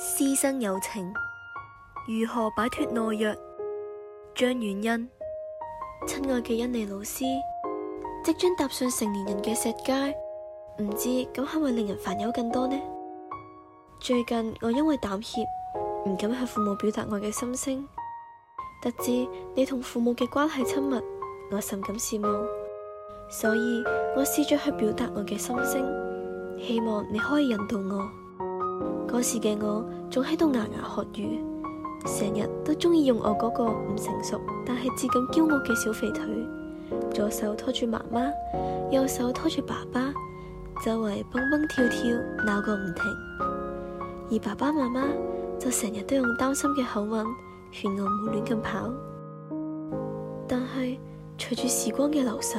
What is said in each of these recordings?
師生有情，如何擺脫懦弱？張琬忻，親愛嘅恩利老師，即將踏上成年人嘅石階，唔知咁係咪令人煩憂更多呢？最近我因為膽怯，唔敢向父母表達我嘅心聲。得知你同父母嘅關係親密，我甚感羨慕。所以，我試咗去表達我嘅心聲，希望你可以引導我。嗰時嘅我仲喺度牙牙學語，成日都中意用我嗰個唔成熟但係至咁驕傲嘅小肥腿，左手拖住媽媽，右手拖住爸爸，周圍蹦蹦跳跳鬧個唔停。而爸爸媽媽就成日都用擔心嘅口吻勸我唔好亂咁跑。但係隨住時光嘅流逝，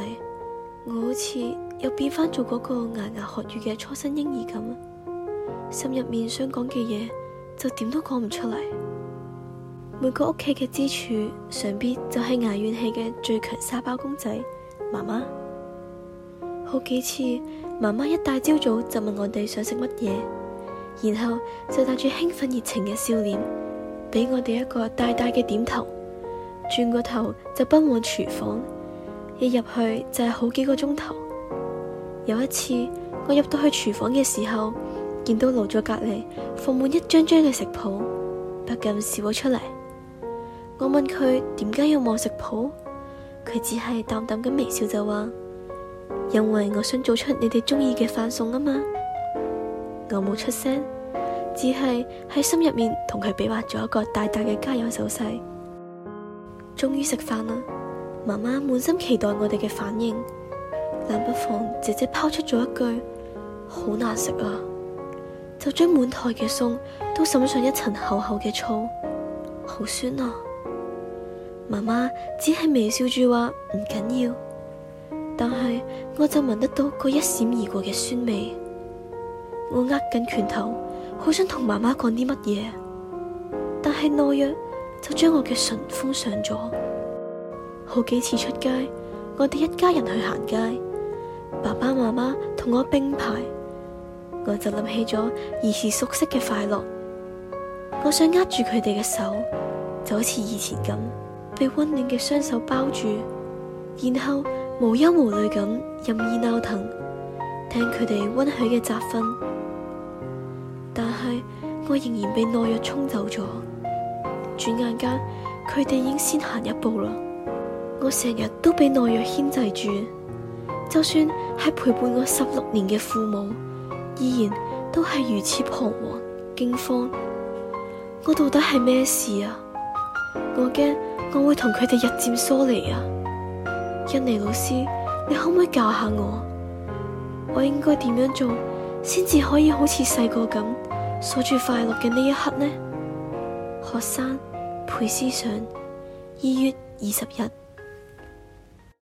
我好似又變翻做嗰個牙牙學語嘅初生嬰兒咁心入面想講嘅嘢，就點都講唔出嚟。每個屋企嘅支柱，上必就係挨怨氣嘅最強沙包公仔，媽媽。好幾次，媽媽一大朝早就問我哋想食乜嘢，然後就帶住興奮熱情嘅笑臉，俾我哋一個大大嘅點頭，轉個頭就奔往廚房。一入去就係好幾個鐘頭。有一次，我入到去廚房嘅時候。見到爐咗隔籬放滿一張張嘅食譜，不禁笑咗出嚟。我問佢點解要望食譜，佢只係淡淡咁微笑就話：因為我想做出你哋中意嘅飯餸啊嘛。我冇出聲，只係喺心入面同佢比劃咗一個大大嘅加油手勢。終於食飯啦，媽媽滿心期待我哋嘅反應，但不妨姐姐拋出咗一句：好難食啊！就將滿台嘅餸都滲上一層厚厚嘅醋，好酸啊！媽媽只係微笑住話唔緊要，但係我就聞得到個一閃而過嘅酸味。我握緊拳頭，好想同媽媽講啲乜嘢，但係懦弱就將我嘅唇封上咗。好幾次出街，我哋一家人去行街，爸爸媽媽同我並排。我就諗起咗兒時熟悉嘅快樂，我想握住佢哋嘅手，就好似以前咁，被溫暖嘅雙手包住，然後無憂無慮咁任意鬧騰，聽佢哋溫煦嘅責訓。但係我仍然被懦弱沖走咗，轉眼間佢哋已經先行一步啦。我成日都被懦弱牽制住，就算係陪伴我十六年嘅父母。依然都係如此彷徨，徨驚慌，我到底係咩事啊？我驚我會同佢哋日漸疏離啊！印尼老師，你可唔可以教下我？我應該點樣做先至可以好似細個咁鎖住快樂嘅呢一刻呢？學生佩思上，二月二十日。